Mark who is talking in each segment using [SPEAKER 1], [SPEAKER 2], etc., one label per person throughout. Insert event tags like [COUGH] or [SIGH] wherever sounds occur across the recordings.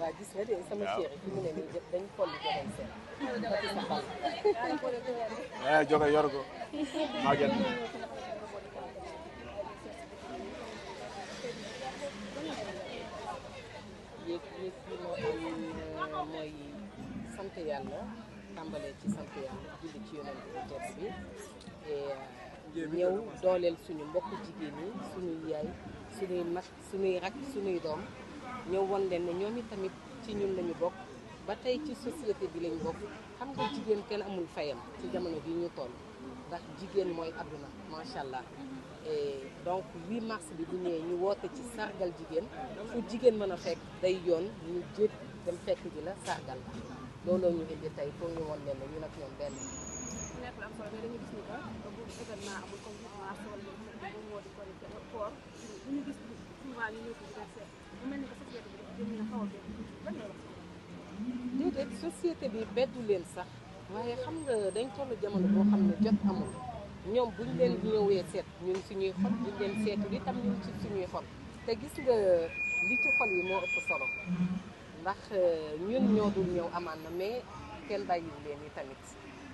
[SPEAKER 1] waaw gis nga
[SPEAKER 2] de sama chéri fi mu ne nii yëpp
[SPEAKER 1] dañu xool joxe seen. waaw
[SPEAKER 3] joxe
[SPEAKER 2] yor
[SPEAKER 1] yi euh, mooy sant yàlla tàmbalee ci sant yàlla julli ci yonent bi tedd bi euh, ñëw dooleel suñu mbokk jigéen ñi suñuy yaay suñuy mag suñuy rak suñuy doom ñëw won leen ne ñoom itamit ci ñun lañu bokk ba tey ci société bi lañu bokk xam nga jigéen kenn amul fayam ci jamono bi ñu toll ndax jigéen mooy àdduna macha allah. donc 8 mars bi bu ñu woote ci sargal jigéen fu jigéen mën a fekk day yoon ñu jépp dem fekk ji la sargal la looloo ñu indi tey pour ñu won leen ne ñu nag ñoom benn
[SPEAKER 3] souvent ñu ñëw
[SPEAKER 1] bi a bett bi beddu leen sax waaye xam nga dañ toll jamono boo xam ne jot amul ñoom buñ leen ñëwee seet ñun suñuy xol buñ leen seetu li tam ñun ci suñuy xol te gis nga li ci xol yi moo ëpp solo ndax euh, ñun ñoo dul ñëw amaan na mais kenn bàyyiwu leen yi tamit.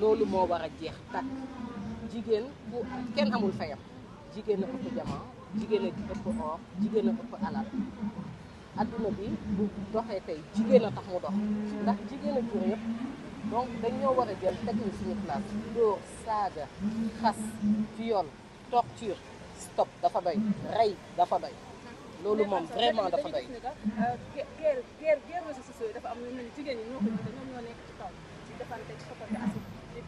[SPEAKER 1] loolu moo war a jeex takk jigéen bu kenn amul fayam jigéen a ëpp jamono jigéen a ëpp or jigéen a ëpp alal adduna bi bu doxee tey jigéen a tax mu dox ndax jigéen a jur yëpp donc dañoo war a jël teg ñu suñu place dóor saaga xas viol torture stop dafa doy rey dafa doy loolu moom vraiment dafa doy euh, guerre guerre
[SPEAKER 3] dafa am ñoo jigéen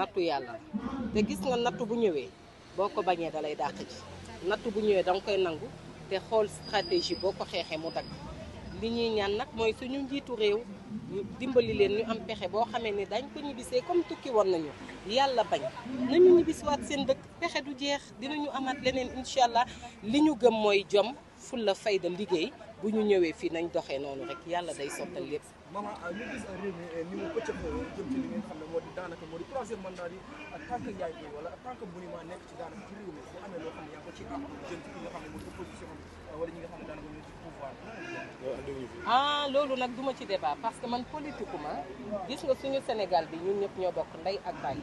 [SPEAKER 1] nattu yalla te gis nga nattu bu ñëwé boko bañé dalay dakk ci dàq nattu bu ñëwé dang koy nangu te xol stratégie boko ko xeexee mu dagg li ñuy ñaan nak moy suñu njitu réew ñu dimbali leen ñu am pexé bo xamé ni dañ ko ñibbisee comme tukki won nañu yalla bañ nañu waat seen dëkk pexé du jeex dinañu amaat leneen inshallah allah li ñu gëm moy jom ful la fayda liggéey bu ñu ñëwee fii nañ doxee noonu rek yàlla day sottal lépp.
[SPEAKER 4] maman euh, ñu gis euh, réew mi euh, ni mu pëcc jëm ci li ngeen xam wala
[SPEAKER 2] en tant que ne yaa ko ci am jëm ci ki nga xam ne moo
[SPEAKER 1] ah loolu nag du ma ci débat parce que man politique ma gis nga suñu Sénégal bi ñu ñëpp ñoo bokk ndey ak bàyyi.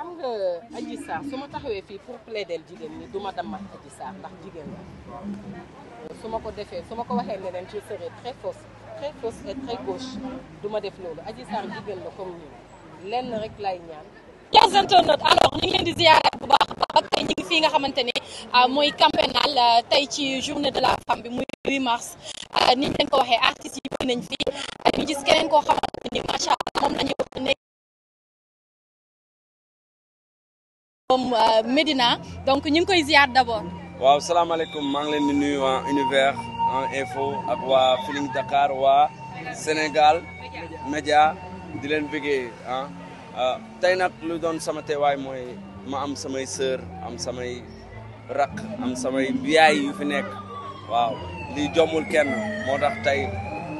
[SPEAKER 1] xam nga Adji Sarr su ma taxawee fii pour plaider jigéen ñi du ma dammat Adji Sarr ndax jigéen la su ma ko defee su ma ko waxee leneen je serai très fausse très fausse et très gauche du ma def loolu Adji Sarr jigéen la comme ñun lenn rek lay ñaan.
[SPEAKER 3] chers internautes alors ñu ngi leen di ziyaaraat bu baax ba tey ñu ngi fii nga xamante ni ah, mooy camp pénal ah, tey ci journée de la femme bi muy 8 mars ah, ni ñu leen ko waxee artistes yi bëri nañ fii. Euh, Médina donc ñu ngi koy ziar d'abord.
[SPEAKER 4] waaw salaamaaleykum maa ngi leen di nuyu waa univers en info ak waa Feeling Dakar waa Sénégal média di leen bëggee ah. euh, tey nag lu doon sama teewaay mooy ma am samay sœur am samay rakk am samay yaay yu fi nekk waaw di jombul kenn moo tax tey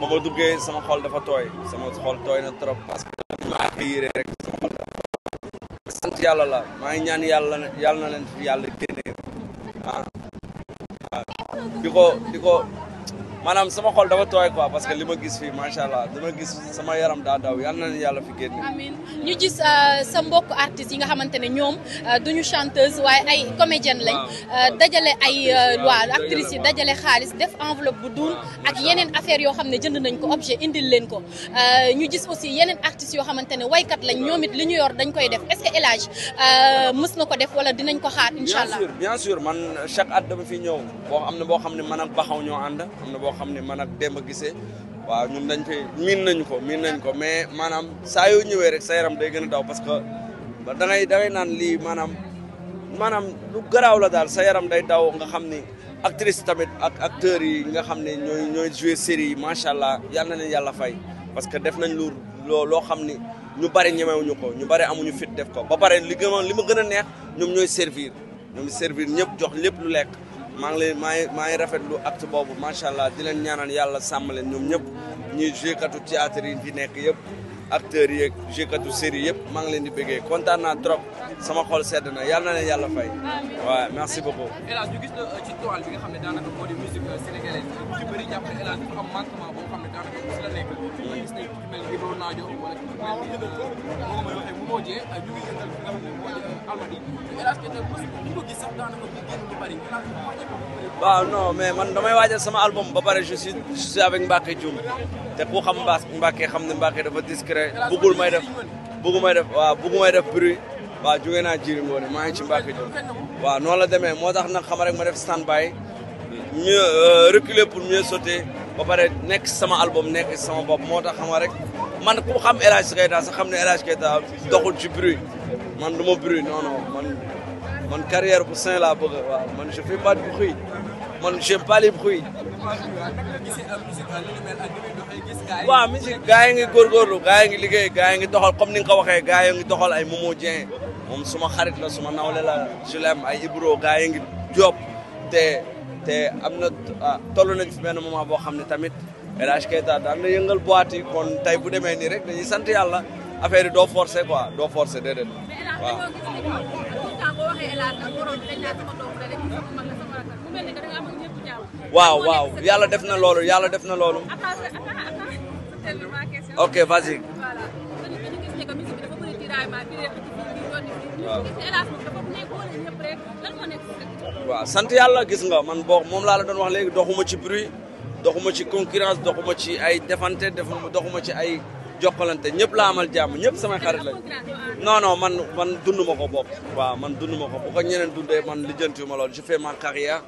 [SPEAKER 4] ba ma duggee sama xol dafa tooy sama xol tooy na trop parce que maa ngi si yàlla la maa ngi ñaan yàlla yàlla na leen fi yàlla génne ah, ah. di ko di ko maanaam sama xol dama tooy quoi parce que li ma gis fii macha allah dama gis sama yaram daa daw yal na yàlla fi génn.
[SPEAKER 3] amiin ñu gis euh, sa mbokk artistes yi nga xamante ne ñoom euh, duñu chanteuse waaye ay comédienne lañ. Euh, dajale ay waa actrices yi dajale xaalis def enveloppe bu duun ak yeneen affaire yoo xam ne jënd nañ ko objet indil leen ko. ñu gis aussi yeneen artistes yoo xamante ne waykat lañ ñoom it li ñu yor dañ koy def est-ce que El Hadj mës na ko def wala dinañ ko xaar incha allah.
[SPEAKER 4] bien sûr bien man chaque at dama fi ñëw boo am na boo xam ne man ak baxaw boo xam ne man ak Demba Guissé waaw ñun dañ fay miin nañ ko miin nañ ko mais maanaam saa yoo ñëwee rek sa yaram day gën a daw parce que ba da ngay naan lii maanaam maanaam lu garaaw la daal sa yaram day daw nga xam ni actrice tamit ak acteurs yi nga xam ne ñooy ñooy jouer yi macha allah yal na leen yàlla fay parce que def nañ lu loo loo xam ni ñu bari ñemewuñu ko ñu bari amuñu fit def ko ba pare li gën li ma gën a neex ñoom ñooy servir ñoom servir ñëpp jox lépp lu lekk. maa ngi leen maa maa ngi rafetlu acte boobu macha allah di leen ñaanal yàlla sàmm leen ñoom ñëpp ñuy jéekatu théâtre yi fi nekk yëpp acteurs yeeg jéekatu série yëpp maa ngi leen di bëggee kontaan naa trop sama xol sedd na yal na leen yàlla fay. waaw merci beaucoup.
[SPEAKER 2] boo rajo wala moo euh, di almadi
[SPEAKER 4] non mais man damay waajal sama album ba pare je suis je suis avec Mbacké Dioum te ku xam Mbac Mbacké xam ne Mbacké dafa discret bëggul may def bëggul may def waaw bëggul may def bruit waaw jóge naa jiri ngoone maa ngi ci Mbacké Dioum waaw noonu la demee moo tax nag xam rek ma def stand by euh, reculer pour mieux sauter ba pare nekk sama album nekk sama bopp moo tax xam rek man ku xam El Hadj Keita sax xam ne El Hadj Keita doxul ci bruit man du ma bruit non non man man carrière bu sain laa bëgg waaw man je fais pas de bruit man j'aime pas les bruits. waaw musique gaa yi ngi góorgóorlu gaa yi ngi liggéey gaa yi ngi doxal comme ni nga ko waxee gaa yi ngi doxal ay Momo Dieng moom suma xarit la suma nawle la je l'aime ay Ibro gaa yi ngi jóob te te am na ah, toll nañ fi benn moment boo xam ne tamit. El Hadj Keita daan na yëngal boîte kon tey bu demee nii rek dañuy sant yàlla affaire yi doo forcer quoi doo forcer déedéet waaw. waaw waaw yàlla def na loolu yàlla def na loolu. ok vas waaw sant yàlla gis nga man boo moom laa la doon wax léegi doxuma ci doxuma ci concurrence doxuma ci ay defante doxuma ci ay jokkalante ñëpp laa amal jàmm ñëpp samay xarit lañ non non man man dund ma ko bopp waaw man dund ma ko bu ko ñeneen dundee man lijjanti ma loolu je fais ma carrière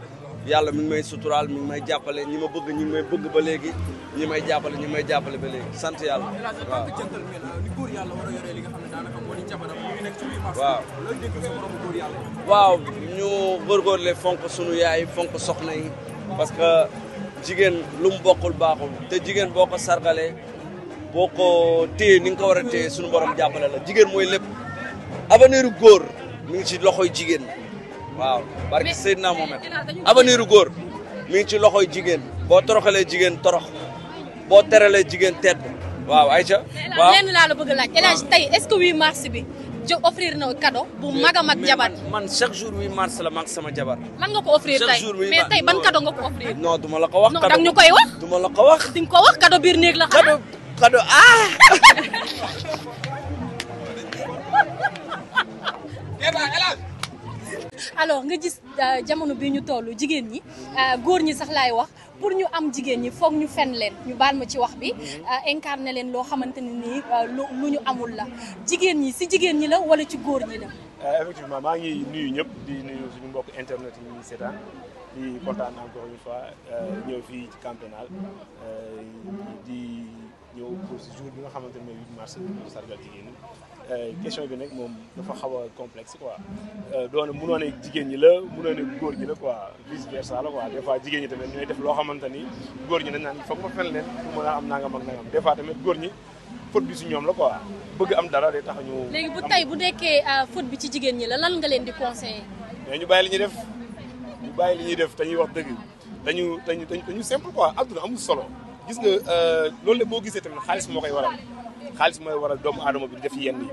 [SPEAKER 4] yàlla mi may suturaal mi ngi may jàppale ñi ma bëgg ñi ngi may bëgg ba léegi ñi may jàppale ñi may jàppale ba léegi sant yàlla waaw waaw waaw ñu góorgóorle fonk sunu yaay fonk soxna yi parce jigéen lu mu bokkul baaxul te jigéen boo ko sargalee boo ko téye ni nga ko war a téye suñu borom jàppale la jigéen mooy lépp avenir góor mi ngi ci loxoy jigéen waaw barki Seydina Mohamed avenir góor mi ngi ci loxoy jigéen boo toroxalee jigéen torox boo teralee jigéen tedd waaw Aïcha waaw lenn
[SPEAKER 3] laa la bëgg laaj El Hadj tey est-ce que 8 mars bi jo offrir no cadeau bu maga a mag jabar
[SPEAKER 4] man chaque jour 8 mars la mag sama jabar
[SPEAKER 3] man nga ko offrir tay mais tay ban cadeau nga ko
[SPEAKER 4] offrir non duma la ko wax cadeau dang ñukoy wax duma la ko wax ding ko wax cadeau bir neeg la cadeau cadeau ah
[SPEAKER 3] deba ela [LAUGHS] alors nga gis euh, jamono bi ñu tollu jigen ñi euh, góor ñi sax lay wax pour ñu am jigéen ñi foog ñu fen leen ñu baal ma ci wax bi mhm. euh, na leen loo xamante ne nii euh, lu ñu amul la jigéen ñi si jigéen ñi la wala ci góor ñi la
[SPEAKER 2] euh, effectivement maa ngi nuyu ñëpp di nuyu suñu mbokk internet yi ñuy seetaan di kontaan encore une fois ñëw fii ci camp di ñëw pour jour bi nga xamante ne mooy 8 mars bi ñu sargal jigéen ñi euh, moom dafa xaw a complexe quoi euh, doona mënoo ne jigéen ñi la mënoo ne góor ñi la quoi vice versa la quoi des ñi tamit ñooy def loo xamante ni góor ñi dañ naan foog ma fen leen pour mën a am nangam ak nangam des fois tamit góor ñi faute bi si ñoom la ko bëgg am dara day tax ñu. léegi bu tey
[SPEAKER 3] bu nekkee euh, faute bi ci jigéen ñi la lan nga leen di conseiller.
[SPEAKER 2] mais ñu bàyyi li ñuy def ñu bàyyi li ñuy def te ñuy wax dëgg dañu dañu dañu simple quoi adduna amul solo gis nga loolu la boo gisee tamit xaalis moo koy waral xaalis mooy waral doomu aadama bi di def yenn yi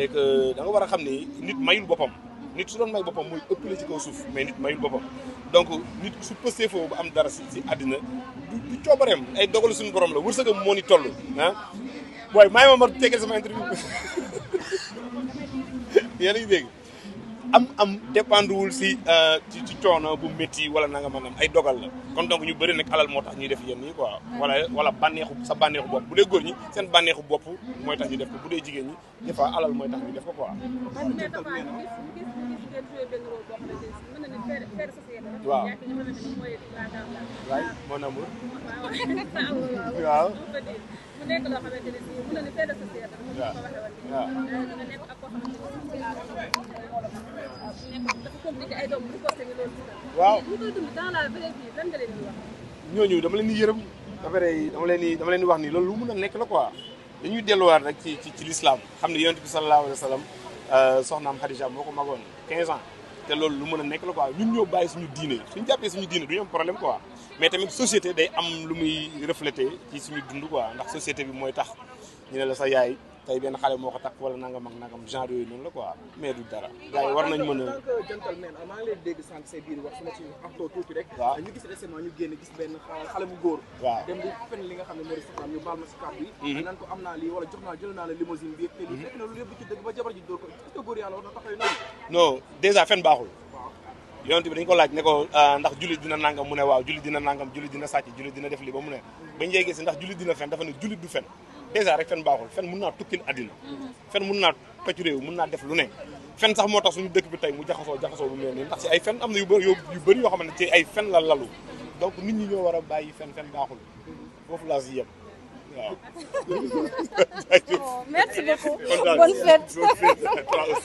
[SPEAKER 2] et que da nga war a xam ni nit mayul boppam nit su doon may boppam mooy ëppale ci kaw suuf mais nit mayul boppam donc nit su pësee foofu ba am dara si si àddina du coobareem ay dogalu suñu borom la wërsëgam moo ni toll ah waaye maay ma ma tegal sama interview yéen a ngi dégg am am dépendre wul si euh, ci ci coono bu métti wala nanga ma ay dogal la kon donc ñu bëri nag alal moo tax ñuy def yenn yi quoi wala wala bànneexu sa bànneexu bopp bu dee góor ñi seen bànneexu bopp mooy tax ñu def ko bu dee jigéen ñi des alal mooy tax ñu def ko quoi
[SPEAKER 3] waaw
[SPEAKER 1] waay
[SPEAKER 2] mon amour waaw [LAUGHS] la.
[SPEAKER 3] waaw
[SPEAKER 2] dama leen di yërëm ba dama leen di dama leen di wax ni loolu lu mun a nekk la quoi dañuy delluwaat rek ci ci ci lislaam xam ne yonent bi sallallahu alayhi wa sallam Euh, soxnaam Khadija moo ko magoon 15 ans te loolu lu mën a nekk la quoi ñun ñoo bàyyi suñu diine suñu jàppee suñu diine duñu am problème quoi mais tamit société day am lu muy refléter ci suñu dund quoi ndax société bi mooy tax ñu ne la sa yaay tey benn xale moo ko takk wala nangam ak nangam genre yooyu noonu la quoi mais du dara. gars war nañ mën a ah, maa ngi lay dégg sànq say biir wax su ma ci waxtoo tuuti rek. waaw génn gis benn xale waaw dem di nga xam ne mooy ma si kàddu yi. Mhm. naan ko am naa lii wala jox naa la limousine bi. Mhm. te lii fekk na lu yëpp ci dëgg ba jabar ji dóor ko est-ce fen baaxul. yonent bi dañ ko laaj ne ko ah, ndax jullit dina nangam mu ne waaw jullit dina nangam jullit dina sàcc jullit dina def li ba mu ne mhm. bañ yeggee si ndax jullit dina fen dèjà rek fen baaxul fen mun naa tukkil àddina fen mun naa toj réew mun naa def lu ne fen sax moo tax suñu dëkk bi tey mu jaxasoo jaxasoo lu mel nii ndax si ay fen am na yu bëri yu bëri yoo xamante ne ci ay fen la lalu donc nit ñi ñoo war a bàyyi fen fen baaxul foofu laa si yem waaw [LAUGHS] merci beaucoup bonne fête